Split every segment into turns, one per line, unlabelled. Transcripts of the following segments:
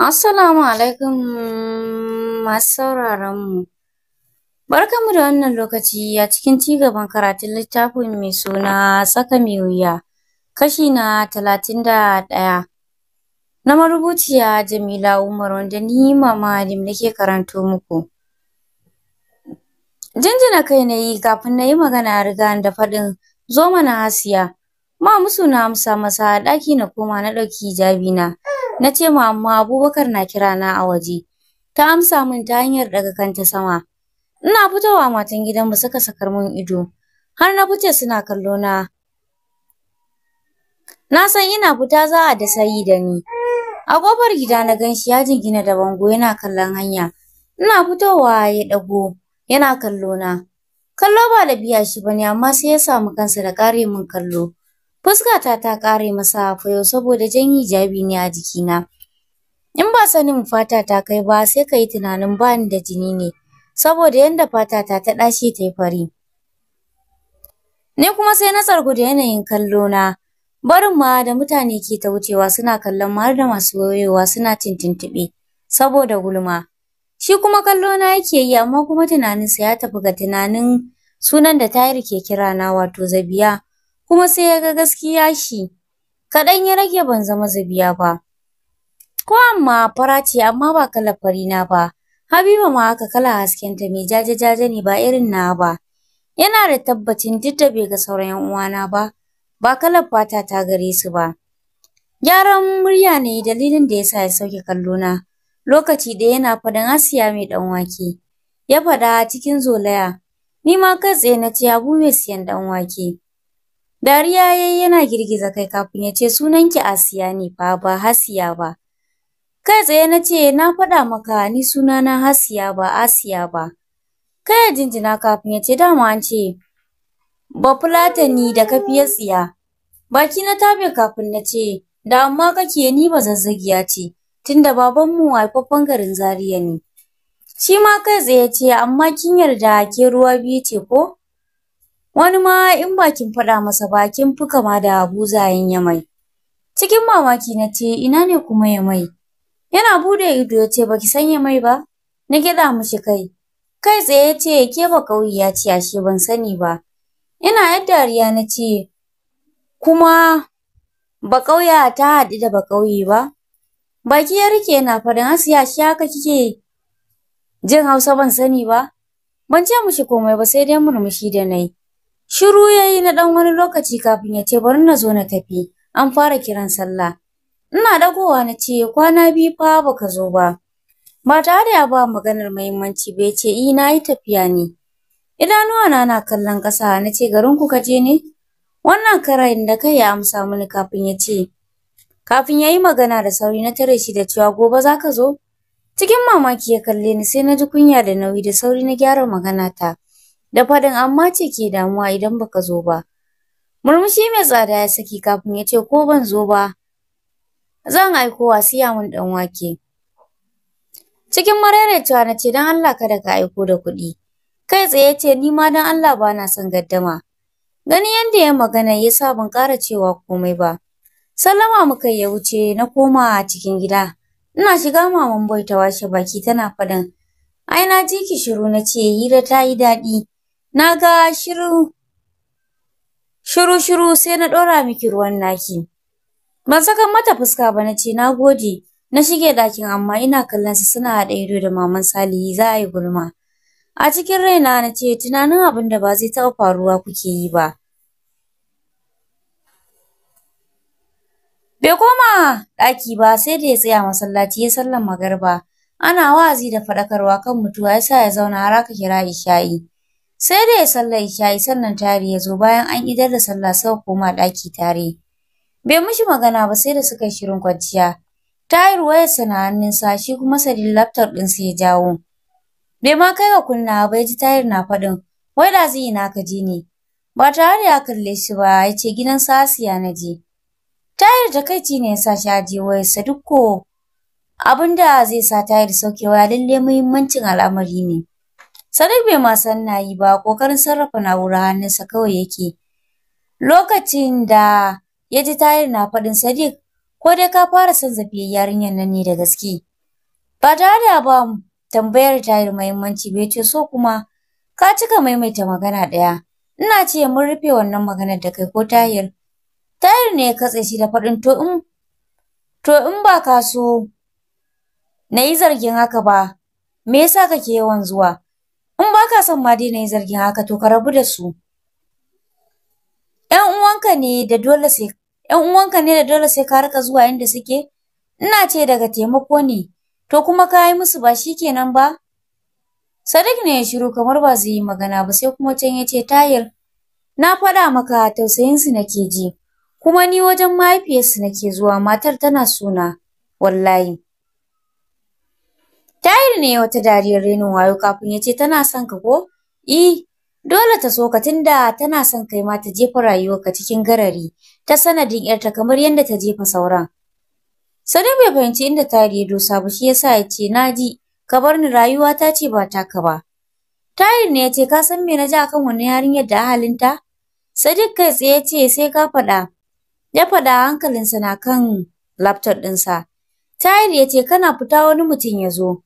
Assalamu alaikum masu mu. Barkanmu da wannan lokaci a cikin cigaban karatun littafin mai suna tsaka mai wuya kashi na talatin da ɗaya na marubuciya Jamila Umar wanda ni Mama nake karanto muku. Jinjina kai na yi kafin na yi magana riga da faɗin zo na Hasiya. Ma musu na amsa masa ɗaki na koma na ɗauki hijabi na. Na ce ma amma Abubakar na kira na a waje. Ta amsa min ta hanyar daga kanta sama. Ina fitowa matan gidan gidanmu saka sakar min ido. Har na fice suna kallo na. Na san ina fita za a da sayi da ni. A gobar gida na ganshi, shi ya jingina da bango yana kallon hanya. Ina fitowa ya dago yana kallo na. Kallo ba da biya shi bane amma sai ya samu kansa da kare min kallo. Fuskata ta ƙare masa yau, saboda jan hijabi ne a jikina. In ba sanin fata ta kai ba sai kayi tunanin bani da jini ne saboda yadda fata ta ɗashi ta yi fari. Ni kuma sai na tsargu da yanayin na Barin ma da mutane ke ta wucewa suna kallon har da masu wayewa suna tintintiɓe saboda gulma. Shi kuma kallo na yake yi amma kuma tunaninsa ya tafi ga tunanin sunan da tayar ke kirana wato Zabiya. kuma sai ya ga gaskiya shi kaɗan ya rage ban zama zabiya ba. Ko amma fara ce amma ba kalar na ba, Habiba ma haka kala ta. mai jaje-jaje ne ba irin na ba. Yana da tabbacin duk da bai ga sauran 'yan uwana ba, ba kalar fata ta gare su ba. Gyaran murya ne dalilin da yasa ya sauke kallona. Lokaci ɗaya yana fadan Asiya mai ɗan wake. Ya fada cikin zolaya, ni ma kai tsaye na ce Habu mai siyan ɗan wake. Dariya ya yi yana girgiza kai kafin ya ce ki Asiya ne fa ba Hasiya ba. Kai tsaye na ce na faɗa maka ni sunana Hasiya ba Asiya ba. Kai ya jinjina kafin ya ce dama an ce Ba fulata ni da kafiyar tsiya. Baki na tabe kafin na ce da amma kake ni ba zazzagiya ce tunda babanmu haifaffen garin zariya ne. Shi ma kai tsaye ce amma kin yarda ke ruwa biyu ce ko? Wani ma in ba kin faɗa masa ba kin fi kama da buzayen Yamai. Cikin mamaki na ce ina ne kuma Yamai? Yana bude ido ya ce baki san Yamai ba? Na gyaɗa mishi kai. Kai tsaye ya ce ke ba ya ce ashe ban sani ba. Ina yar dariya na ce kuma ba kauya ta haɗu da ba ƙauye ba? Baki ya rike yana faɗin Asiya shi haka kike jin Hausa ban sani ba? Ban ce mishi komai ba sai dai murmushi da na Shiru ya yi na ɗan wani lokaci kafin ya ce bari na zo na tafi, an fara kiran sallah. Ina dagowa na ce kwana biyu fa baka zo ba. Ba tare da ya ba maganar muhimmanci ba ya ce i eh, na yi tafiya ne. Idanuwa na na kallon ƙasa na ce garin ku kaje ne? Wannan karayin da kai ya amsa mini kafin ya ce. Kafin ya yi magana da sauri na tare shi da cewa gobe za ka zo? Cikin mamaki ya kalle ni sai na ji kunya da nauyi da sauri na gyara magana ta. da faɗin amma ce ke damuwa idan baka zo ba. Murmushi mai tsada ya saki kafin ya ce ko ban zo ba zan aiko wa siya mun dan wake. Cikin maraicewa na ce don Allah kada ka aiko da kuɗi. Kai tsaye ce ni ma don Allah ba na son gaddama. Gani yadda ya magana ya sa ban ƙara cewa komai ba. Sallama muka ya wuce na koma cikin gida. Ina shiga maman boy ta washe baki tana faɗin. Ai na ji ki shiru na ce hira ta yi daɗi. Na ga shiru shiru-shiru sai na ɗora miki ruwan naki. Ban saka mata fuska ba na ce na gode. Na shige ɗakin amma ina kallon su suna haɗa ido da maman Salihu za a yi gulma. A cikin raina na ce tunanin abin da ba zai taɓa faruwa kuke yi ba. Bai koma ɗaki ba sai da ya tsaya masallaci ya sallan magarba. Ana wa'azi da faɗakarwa kan mutuwa yasa ya zauna har aka kira isha'i. Sai dai ya isha yi sannan Tahir ya zo bayan an idar da sallah suka koma ɗaki tare. Bai mishi magana ba sai da suka yi shirin kwanciya. Tahir wayarsa na hannunsa shi kuma sadin laptop ɗinsa ya jawo. Bai ma kai ga kunna ba ya ji Tahir na faɗin wai da zai na ka je ne. Ba tare da ya kalle shi ba ya ce gidan Asiya na je. Tahir takaici ne ya sa shi aje wayarsa duk ko abin zai sa Tahir saukewa lalle muhimmancin al'amari ne. Sadiq bai ma san na yi ba, ƙoƙarin sarrafa na'urar hannunsa kawai yake. Lokacin da ya ji Tayar na faɗin Sadiq, ko dai ka fara son zafi yarinyar nan ne da gaske. Ba tare da ba tambayar Tayar muhimmanci ba ce so kuma ka cika maimaita magana ɗaya. Ina ce mun rufe wannan maganar da kai ko Tayar. Tayar ne ya katse shi da faɗin to in to in ba ka so na yi zargin haka ba, me yasa kake yawan zuwa? In ba ka son ma daina yin zargin haka to ka rabu da su. ‘Yan uwanka ne da dole sai ‘yan uwanka ne da dole sai ka rika zuwa inda suke? Ina ce daga taimako ne, to kuma ka yi musu ba shi kenan ba? Sadiq ne ya shiru kamar ba zai yi magana ba sai kuma can ya ce tayir. na faɗa maka tausayinsu nake ji, kuma ni wajen mahaifiyarsu nake zuwa matar tana suna, wallahi. Tahir ne wata dariyar renon wayo kafin ya ce tana son ka ko? I, eh, dole ta so ka tunda tana son kai ma ta jefa rayuwarka cikin garari ta sanadin ‘yarta kamar yadda ta jefa sauran. Sadiq bai fahimci inda Tahir ya dosa ba shi yasa ya ce na ji ka bar ni rayuwa ta ce ba taka ba. Tahir ne ya ce ka san me na ji akan wani yarinyar da halinta? Sadiq kai tsaye ce sai ka faɗa. Ya faɗa hankalinsa na kan laptop ɗinsa. Tahir ya ce kana fita wani mutum ya zo.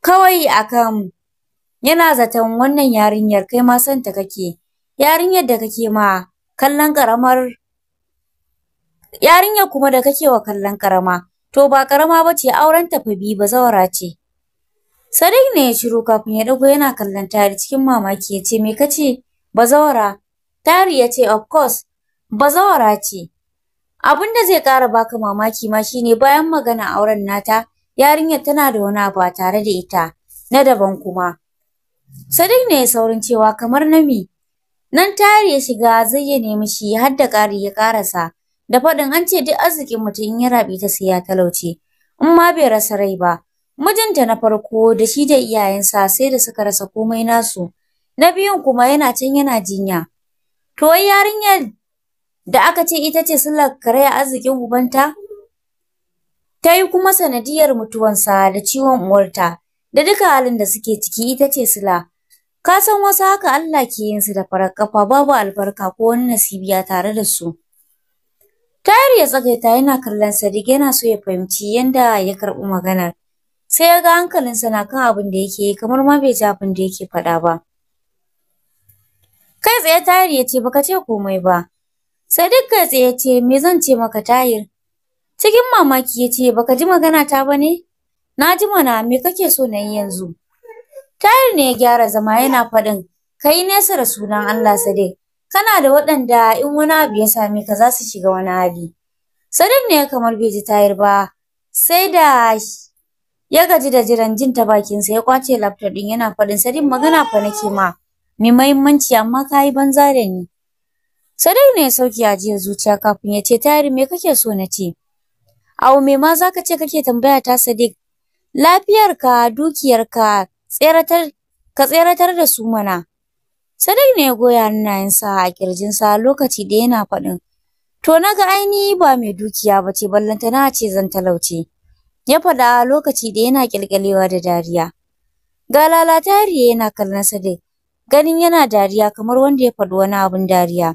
kawai akan yana zaton wannan yarinyar kai ma santa ta kake yarinyar da kake ma kallon ƙaramar yarinyar kuma da kake wa kallon ƙarama to ba ƙarama ba ce auren tafi bi bazawara ce Sadiq ne ya shiru kafin ya ɗago yana kallon Tari cikin mamaki ya ce me kace bazawara Tari ya ce of course bazawara ce abin da zai ƙara baka mamaki ma shine bayan magana auren nata yarinyar tana da wani abu a tare da ita na daban kuma sadiq ne ya saurin cewa kamar nami me nan tayar ya shiga zai ya nemi shi har da ƙari ya ƙarasa da faɗin an ce duk arzikin mutum in ya raɓi ta sai ya talauce in ma bai rasa rai ba mijinta na farko da shi da iyayensa sai da suka rasa komai nasu na biyun kuma yana can yana jinya to wai yarinyar da aka ce ita ce sun karaya arzikin ubanta ta yi kuma sanadiyar mutuwansa da ciwon uwarta da duka halin da suke ciki ita ce sila ka san wasu haka Allah ke yin su da farar kafa babu albarka ko wani nasibiya tare da su tayar ya tsagaita yana kallon Sadiq yana so ya fahimci yanda ya karbi maganar sai ya ga hankalinsa na kan abin da yake yi kamar ma bai ji abin da yake faɗa ba kai tsaye tayar ya ce baka ce komai ba Sadiq kai tsaye ce me zan ce maka tayar? Cikin mamaki ya ce, baka ji magana ta ba ne? Na ji mana me kake so na yi yanzu? Tayar ne ya gyara zama yana faɗin, ka yi nesa da sunan Allah Sadiq. Kana da waɗanda in wani abu ya same ka za su shiga wani hali. Sadiq ne ya kamar bai ji tayar ba, sai da ya gaji da jiran jin ta bakinsa ya kwace laptop ɗin yana faɗin Sadiq magana fa nake ma. Mai mahimmanci amma ka yi banza da ni. Sadiq ne ya sauke ajiyar zuciya kafin ya ce tayar me kake so na ce? Abu mai ma za ka ce kake tambaya ta Sadiq? Lafiyarka, dukiyarka, tseratar, ka tseratar da su mana. Sadiq ne ya goya hannayensa a kirjinsa lokaci da yana faɗin. To na ga ainihi ba mai dukiya ba ce ballantana ce zan talauce. Ya faɗa lokaci da yana ƙyalƙyalewa da dariya. Ga lalatariya yana kallon Sadiq. Ganin yana dariya kamar wanda ya faɗi wani abin dariya.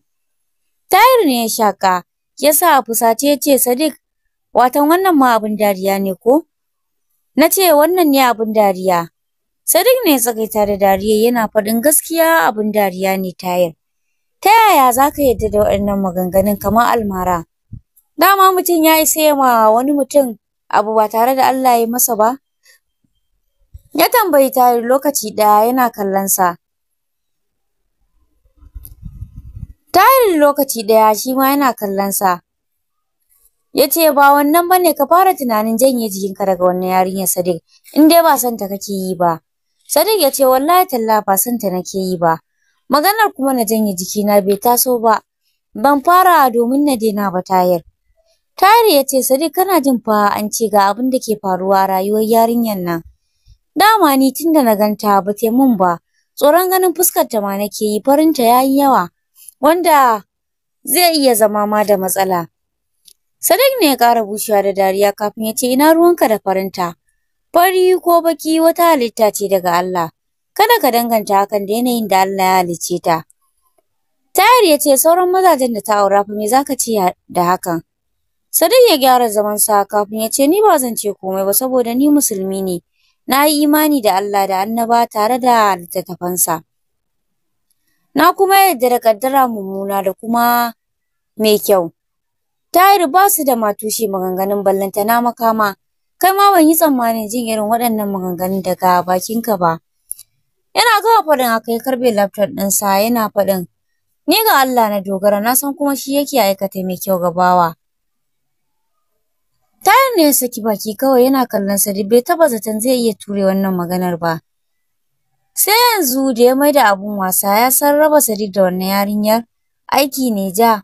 Tahir ne ya shaƙa, ya sa a fusace ya ce Sadiq Watan wannan ma abin dariya ne ko? Na ce wannan ne abin dariya. Sadiq ne tsakaita da dariya yana faɗin gaskiya abin dariya ne tayar. Ta yaya za ka yarda da waɗannan maganganun kamar almara? Dama mutum ya isa ya ma wani mutum abu ba tare da Allah ya masa ba? Ya tambayi tayar lokaci ɗaya yana kallonsa. Tayar lokaci ɗaya shi ma yana kallonsa. yace ba wannan bane ka fara tunanin janye ka daga wannan yarinyar Sadiq in dai ba son ta kake yi ba Sadiq yace ce wallahi talla ba son ta nake yi ba maganar kuma na janye jikina bai taso ba ban fara domin na daina ba tayar Tayar yace ce Sadiq kana jin fa an ce ga abin da ke faruwa rayuwar yarinyar nan dama ni tunda na ganta ba ta mun ba tsoron ganin fuskar ta ma nake yi farin ta yayi yawa wanda zai iya zama ma da matsala Sadik ne ya ƙara bushewa da dariya kafin ya ce ina ruwanka da farinta. Fari ko baki wata halitta ce daga Allah. Kada ka danganta hakan da yanayin da Allah ya halicce ta. tayar ya ce sauran mazajen da ta aura fa me zaka ce da hakan? Sadik ya gyara zaman sa kafin ya ce ni ba zan ce komai ba saboda ni musulmi ne. Na yi imani da Allah da annaba tare da littattafansa. Na kuma yarda da kaddara mummuna da kuma mai kyau. Tahir ba su da matushi maganganun ballanta na makama. Kai ma ban yi tsammanin jin irin waɗannan maganganun daga bakinka ba. Yana gama faɗin a kai karbe laptop ɗinsa yana faɗin ni ga Allah na dogara na san kuma shi yake aikata mai kyau gabawa. bawa. Tahir ne ya saki baki kawai yana kallon sa bai taɓa zaton zai iya ture wannan maganar ba. Sai yanzu da ya maida abun wasa ya san raba Sadiq da wannan yarinyar aiki ne ja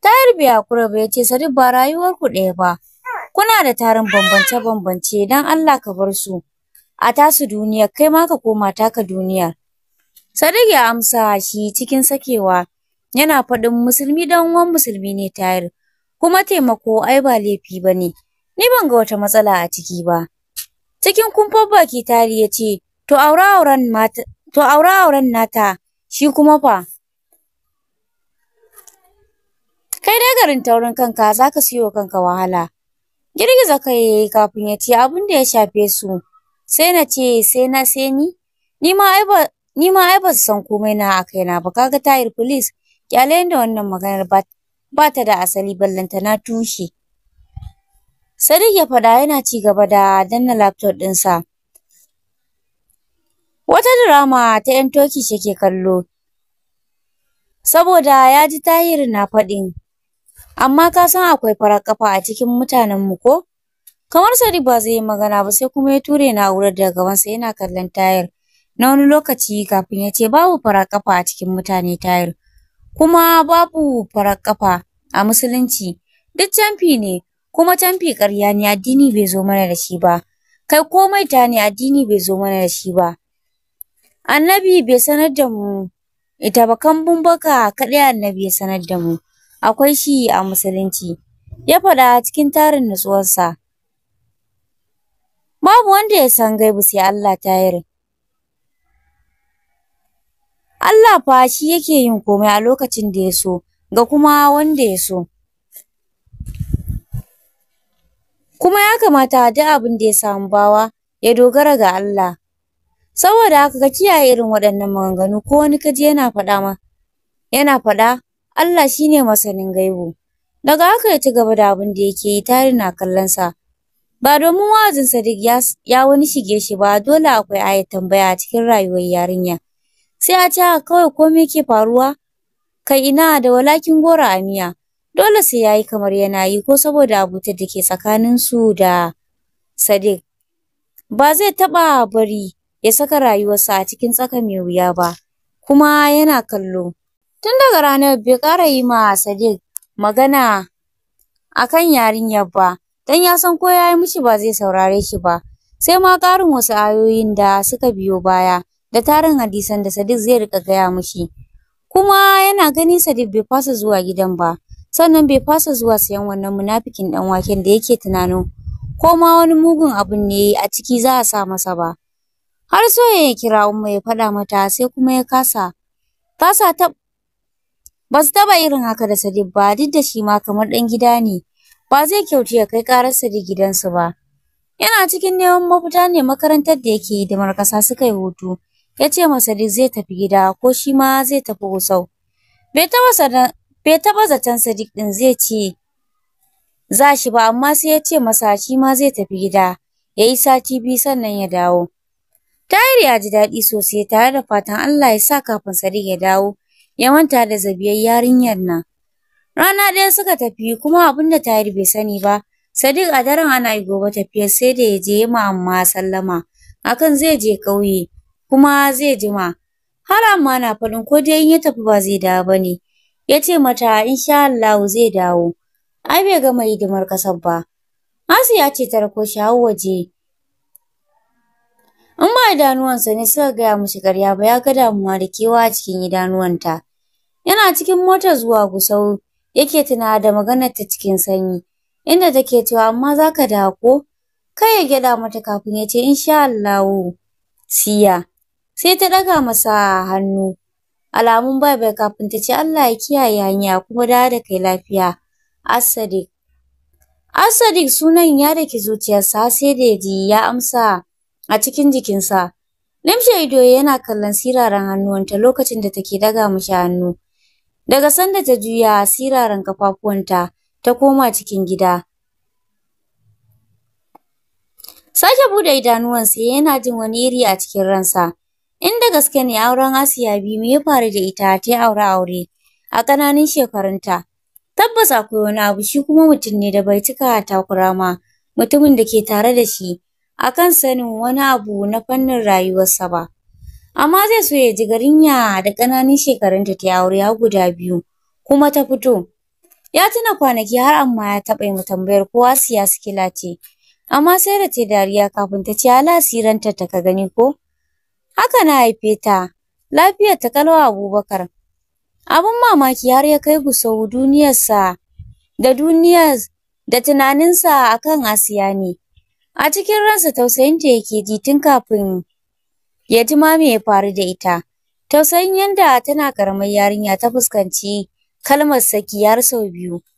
Tayar bai hakura ba ya ce ba rayuwar ku ɗaya ba. Kuna da tarin bambance-bambance dan Allah ka bar su. A tasu duniya kai ma ka koma taka duniya Sadiq ya amsa shi cikin sakewa yana faɗin musulmi dan uwan musulmi ne tayar, Kuma taimako ai ba laifi ba ne. Ni ban ga wata matsala a ciki ba. Cikin kumfar baki tari ya ce to aure auren nata shi kuma fa Kai dai garin taurin kanka za ka siyo kanka wahala. Girgiza kai ya yi kafin ya ce abin da ya shafe su. Sai na ce sai na sai ni? Ni ma ai ba su san komai na a kaina ba kaga tayar police kyale da wannan maganar ba ta da asali ballanta na tushe. Sadiq ya faɗa yana ci gaba da danna laptop ɗinsa. Wata drama ta ‘yan shi yake kallo, saboda ya ji Tahir na faɗin Amma ka san akwai farar kafa a cikin mutanen mu ko? Kamar Sadiq ba zai yi magana ba sai kuma ya ture na'urar daga gabansa yana kallon tayar na wani lokaci kafin ya ce babu farar kafa a cikin mutane tayar. Kuma babu farar kafa a musulunci. Duk canfi ne kuma canfi ƙarya ne addini bai zo mana da shi ba. Kai komai ta ne addini bai zo mana da shi ba. Annabi bai sanar da mu ita ba kambun baka kaɗai annabi ya sanar da mu. akwai shi a musulunci, ya faɗa cikin tarin nutsuwarsa. Babu wanda ya san gaibu sai Allah rin. Allah fa shi yake yin komai a lokacin da ya so, ga kuma wanda ya so. Kuma ya kamata duk abin da ya samu bawa ya dogara ga Allah. saboda haka ka kiyaye irin waɗannan maganganu ko wani kaji yana faɗa ma yana faɗa Allah shine masanin gaibu daga haka ya ci gaba da abin da yake yi tare na kallon sa ba domin wa'azin Sadiq ya, ya wani shige shi ba dole akwai ayat tambaya a cikin rayuwar yarinya sai a ce kawai komai ke faruwa kai ina da walakin gora a miya dole sai yayi kamar yana yi ko saboda abutar da ke tsakanin su da Sadiq ba zai taɓa bari ya saka rayuwarsa a cikin tsaka mai wuya ba kuma yana kallo Tun daga ranar bai ƙara yi ma Sadiq magana akan kan yarinyar ba, don ya san ko ya yi mishi ba zai saurare shi ba. Sai ma ƙarin wasu ayoyin da suka biyo baya da tarin hadisan da Sadiq zai rika gaya mishi. Kuma yana ganin Sadiq bai fasa zuwa gidan ba, sannan bai fasa zuwa sayan wannan munafikin ɗan waken da yake tunanin ko ma wani mugun abun ne a ciki za a sa masa ba. Har so ya kira Umma ya faɗa mata sai kuma ya kasa. Kasa ta Ba su irin haka da Sadiq ba duk da shi ma kamar ɗan gida ne. Ba zai kyautu ya kai ƙarar Sadiq gidansu ba. Yana cikin neman mafita ne makarantar da yake da markasa suka yi hutu. yace ce ma Sadiq zai tafi gida ko shi ma zai tafi Gusau. Bai taɓa zaton Sadiq ɗin zai ce za shi ba amma sai ya ce masa shi ma zai tafi gida. yayi sati biyu sannan ya dawo. Tahir ya ji daɗi sosai tare da fatan Allah ya sa kafin Sadiq ya dawo ya manta da zabiyar yarinyar nan. Rana ɗaya suka tafi kuma abin da Tahir bai sani ba, Sadiq a daren ana yi gobe tafiyar sai da ya je ma amma sallama akan zai je ƙauye kuma zai jima. Har amma na faɗin ko dai in ya tafi ba zai dawo ba ne. Ya ce mata insha Allahu zai dawo. Ai bai gama hidimar ƙasar ba. ya ce ta rako shi waje. In ba idanuwansa ne suka gaya mishi ƙarya ba ya ga damuwa da kewa a cikin idanuwanta. Yana cikin motar zuwa Gusau yake tuna da maganar ta cikin sanyi inda take cewa amma zaka dawo ko? Kai ya gyada mata kafin ya ce insha Allahu siya. Sai ta ɗaga masa hannu alamun bai bai kafin ta ce Allah ya kiyaye hanya kuma da da kai lafiya. As-Sadiq sunan ya daki zuciyarsa sai da ji ya amsa a cikin jikinsa. Limshe ido yana kallon siraran hannuwanta lokacin da take daga mishi hannu. Daga sanda ta juya siraran kafafuwanta ta koma cikin gida. Sake bude idanuwansa yana jin wani iri a cikin ransa. Inda gaske ne auren Asiya biyu me ya faru da ita ta aure aure a ƙananun shekarunta. Tabbas akwai wani abu shi kuma mutum ne da bai cika takura ma mutumin da ke tare da shi akan sanin wani abu na fannin rayuwarsa ba. amma zai so ya ji garinya da ƙananun shekarunta ta yi aure har guda biyu kuma ta fito. Ya tuna kwanaki har amma ya taɓa yi tambayar kowa siya sikila ce, amma sai da ta dariya kafin ta ce ala siranta ta ka gani ko. Haka na haife ta, lafiyar ta kalwa, Abubakar. Abin mamaki har ya kai gusau duniyarsa da duniyar da tunaninsa akan Asiya ne. A cikin ransa tausayin ta yake ji tun kafin ya ji ma ya faru da ita. Tausayin yanda tana karamar yarinya ta fuskanci kalmar saki har sau biyu.